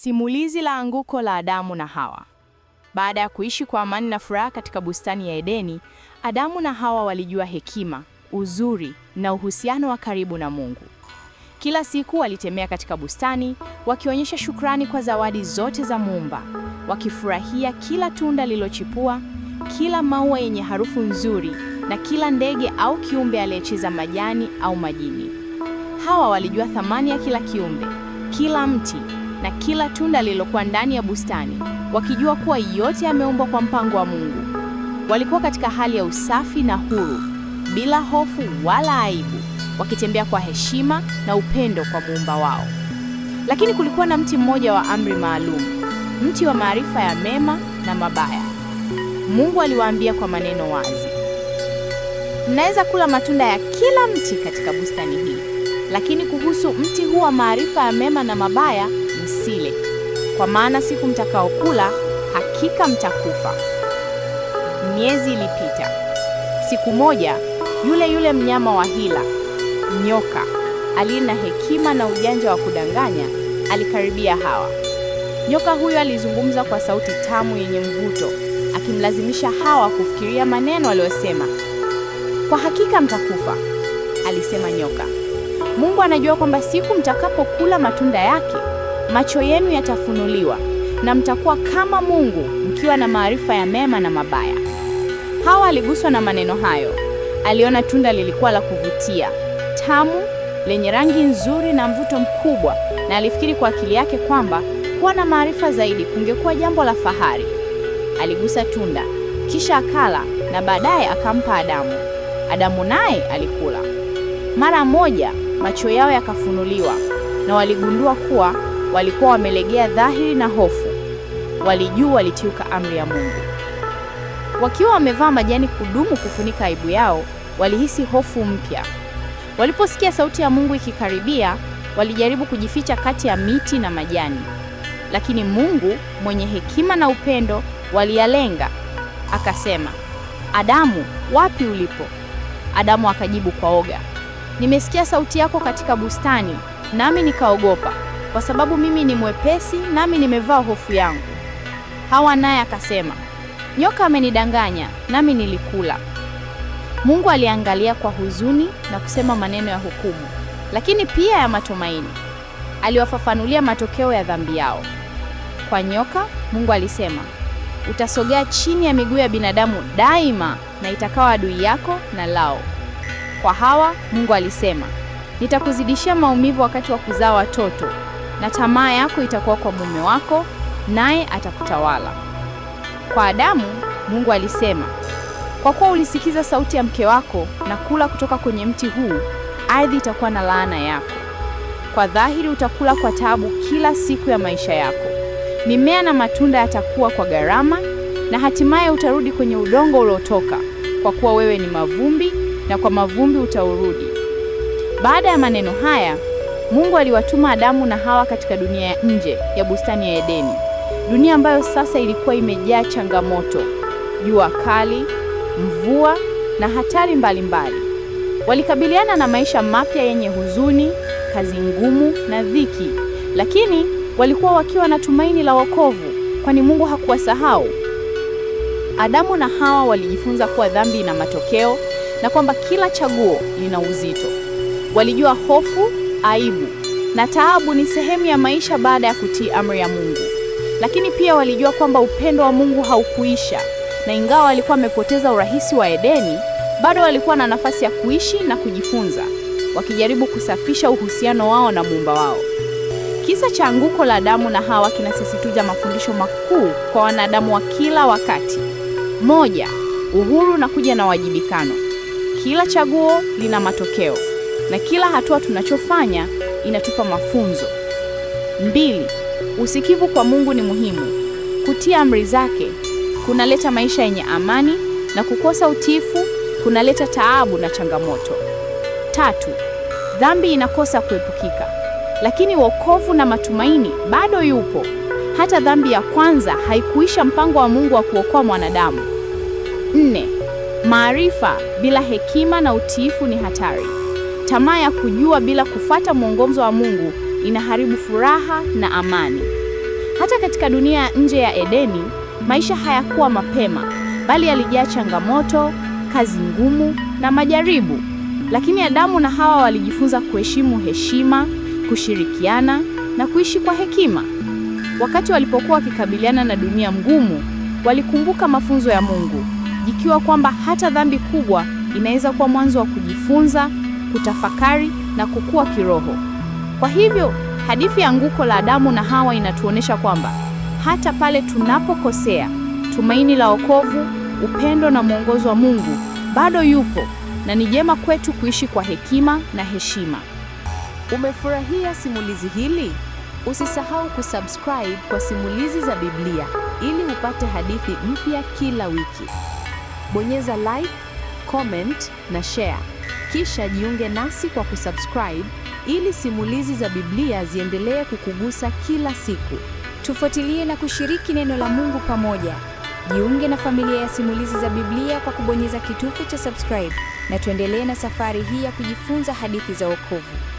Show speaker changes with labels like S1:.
S1: Simulizi la anguko la Adamu na Hawa. Baada ya kuishi kwa amani na furaha katika bustani ya Edeni, Adamu na Hawa walijua hekima, uzuri na uhusiano wa karibu na Mungu. Kila siku walitembea katika bustani, wakionyesha shukrani kwa zawadi zote za Muumba, wakifurahia kila tunda lilochipua, kila maua yenye harufu nzuri na kila ndege au kiumbe aliyecheza majani au majini. Hawa walijua thamani ya kila kiumbe, kila mti na kila tunda lililokuwa ndani ya bustani, wakijua kuwa yote yameumbwa kwa mpango wa Mungu. Walikuwa katika hali ya usafi na huru, bila hofu wala aibu, wakitembea kwa heshima na upendo kwa muumba wao. Lakini kulikuwa na mti mmoja wa amri maalum, mti wa maarifa ya mema na mabaya. Mungu aliwaambia kwa maneno wazi, mnaweza kula matunda ya kila mti katika bustani hii, lakini kuhusu mti huu wa maarifa ya mema na mabaya msile, kwa maana siku mtakaokula hakika mtakufa. Miezi ilipita. Siku moja yule yule mnyama wa hila, nyoka, aliye na hekima na ujanja wa kudanganya, alikaribia Hawa. Nyoka huyo alizungumza kwa sauti tamu yenye mvuto, akimlazimisha Hawa kufikiria maneno aliyosema. Kwa hakika mtakufa, alisema nyoka. Mungu anajua kwamba siku mtakapokula matunda yake macho yenu yatafunuliwa na mtakuwa kama Mungu mkiwa na maarifa ya mema na mabaya. Hawa aliguswa na maneno hayo. Aliona tunda lilikuwa la kuvutia, tamu, lenye rangi nzuri na mvuto mkubwa, na alifikiri kwa akili yake kwamba kuwa na maarifa zaidi kungekuwa jambo la fahari. Aligusa tunda kisha akala, na baadaye akampa Adamu. Adamu naye alikula. Mara moja macho yao yakafunuliwa na waligundua kuwa walikuwa wamelegea dhahiri na hofu, walijua walitiuka amri ya Mungu. Wakiwa wamevaa majani kudumu kufunika aibu yao, walihisi hofu mpya. Waliposikia sauti ya Mungu ikikaribia, walijaribu kujificha kati ya miti na majani, lakini Mungu mwenye hekima na upendo waliyalenga. Akasema, Adamu, wapi ulipo? Adamu akajibu kwa oga, nimesikia sauti yako katika bustani, nami nikaogopa kwa sababu mimi ni mwepesi nami nimevaa hofu yangu. Hawa naye akasema, nyoka amenidanganya nami nilikula. Mungu aliangalia kwa huzuni na kusema maneno ya hukumu, lakini pia ya matumaini. Aliwafafanulia matokeo ya dhambi yao. Kwa nyoka, Mungu alisema, utasogea chini ya miguu ya binadamu daima na itakawa adui yako na lao. Kwa Hawa, Mungu alisema, nitakuzidishia maumivu wakati wa kuzaa watoto na tamaa yako itakuwa kwa mume wako, naye atakutawala. Kwa Adamu Mungu alisema, kwa kuwa ulisikiza sauti ya mke wako na kula kutoka kwenye mti huu, ardhi itakuwa na laana yako. Kwa dhahiri utakula kwa taabu kila siku ya maisha yako, mimea na matunda yatakuwa kwa gharama, na hatimaye utarudi kwenye udongo uliotoka, kwa kuwa wewe ni mavumbi, na kwa mavumbi utaurudi. Baada ya maneno haya Mungu aliwatuma Adamu na Hawa katika dunia ya nje ya bustani ya Edeni, dunia ambayo sasa ilikuwa imejaa changamoto, jua kali, mvua na hatari mbalimbali. Walikabiliana na maisha mapya yenye huzuni, kazi ngumu na dhiki, lakini walikuwa wakiwa na tumaini la wokovu, kwani Mungu hakuwasahau. Adamu na Hawa walijifunza kuwa dhambi ina matokeo na kwamba kila chaguo lina uzito. Walijua hofu aibu na taabu ni sehemu ya maisha baada ya kutii amri ya Mungu. Lakini pia walijua kwamba upendo wa Mungu haukuisha, na ingawa walikuwa wamepoteza urahisi wa Edeni, bado walikuwa na nafasi ya kuishi na kujifunza, wakijaribu kusafisha uhusiano wao na muumba wao. Kisa cha anguko la Adamu na Hawa kinasisitiza mafundisho makuu kwa wanadamu wa kila wakati. Moja, uhuru unakuja na wajibikano. Kila chaguo lina matokeo na kila hatua tunachofanya inatupa mafunzo. Mbili, usikivu kwa Mungu ni muhimu. Kutii amri zake kunaleta maisha yenye amani na kukosa utiifu kunaleta taabu na changamoto. Tatu, dhambi inakosa kuepukika, lakini wokovu na matumaini bado yupo. Hata dhambi ya kwanza haikuisha mpango wa Mungu wa kuokoa mwanadamu. Nne, maarifa bila hekima na utiifu ni hatari. Tamaa ya kujua bila kufata mwongozo wa Mungu inaharibu furaha na amani. Hata katika dunia ya nje ya Edeni, maisha hayakuwa mapema, bali yalijaa changamoto, kazi ngumu na majaribu. Lakini Adamu na Hawa walijifunza kuheshimu heshima, kushirikiana na kuishi kwa hekima. Wakati walipokuwa wakikabiliana na dunia ngumu, walikumbuka mafunzo ya Mungu, jikiwa kwamba hata dhambi kubwa inaweza kuwa mwanzo wa kujifunza kutafakari na kukua kiroho. Kwa hivyo, hadithi ya anguko la Adamu na Hawa inatuonesha kwamba hata pale tunapokosea, tumaini la wokovu, upendo na mwongozo wa Mungu bado yupo na ni jema kwetu kuishi kwa hekima na heshima. Umefurahia simulizi hili? Usisahau kusubscribe kwa simulizi za Biblia ili upate hadithi mpya kila wiki. Bonyeza like, comment na share. Kisha jiunge nasi kwa kusubscribe ili simulizi za Biblia ziendelee kukugusa kila siku. Tufuatilie na kushiriki neno la Mungu pamoja. Jiunge na familia ya simulizi za Biblia kwa kubonyeza kitufe cha subscribe na tuendelee na safari hii ya kujifunza hadithi za wokovu.